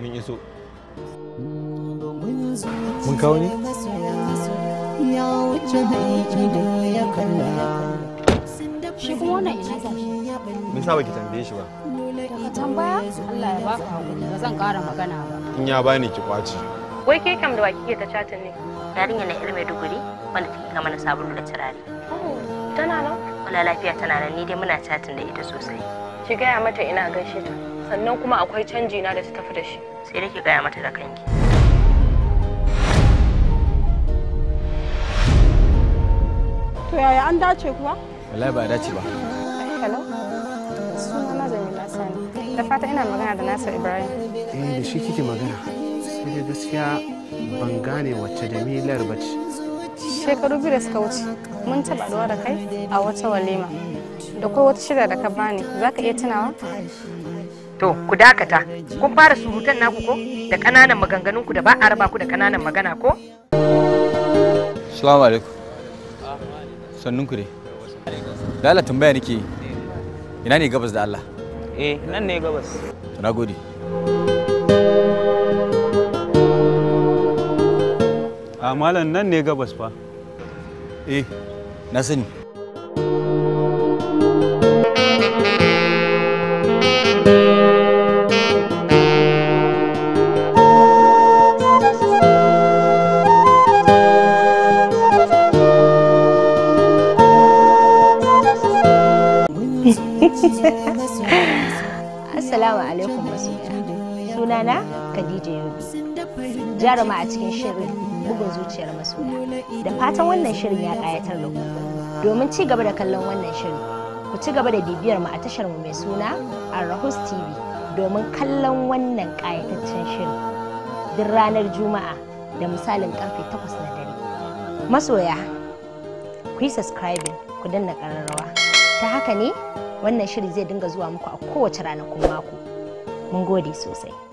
mun iso mun kawo ne ya wuce haiki da ya kalla shi kuma wannan ina za mun saba ki tambaye shi ba ka tambaya Allah ya baka hakuri ba zan ƙara magana ba in ya bani ki kwaci wai ke kam da wa kike ta chatin ne yarinya na ilmi duguri wanda take gama na sabulu da turare oh, tana nan wala lafiya tana nan ni dai muna chatin da ita sosai ki gaya mata ina gaishe ta sannan kuma akwai canji na da ta tafi da shi sai da ke gaya mata da kanki to yaya an dace kuwa wallahi ba dace ba hello sunana Jamila Sani da fata ina magana da Nasir Ibrahim eh da shi kike magana sai da gaskiya ban gane wacce Jamilar bace shekaru biyu da suka wuce mun taba da kai a wata walima da kai wata shida da ka bani za ka iya tunawa to ku dakata kun fara surutan naku ko da kananan maganganun ku da ba a raba ku da kananan magana ko Salamu alaikum Sannunku ne da Allah tambaya nake ina ne gabas da Allah eh nan ne gabas to gode. a ah, malam nan ne gabas fa eh na sani Assalamu alaikum masoya. Sunana Khadija Yobe. Jaruma a cikin shirin bugun zuciyar masoya. Da fatan wannan shirin ya kayatar da ku. Domin ci gaba da kallon wannan shirin, ku ci gaba da bibiyar mu a tashar mu mai suna Arrahus TV domin kallon wannan kayataccen shirin. Duk ranar Juma'a da misalin karfe 8 na dare. Masoya, ku yi subscribing ku danna ƙararrawa. ta haka ne wannan shiri zai dinga zuwa muku a kowace ranakun mako mun gode sosai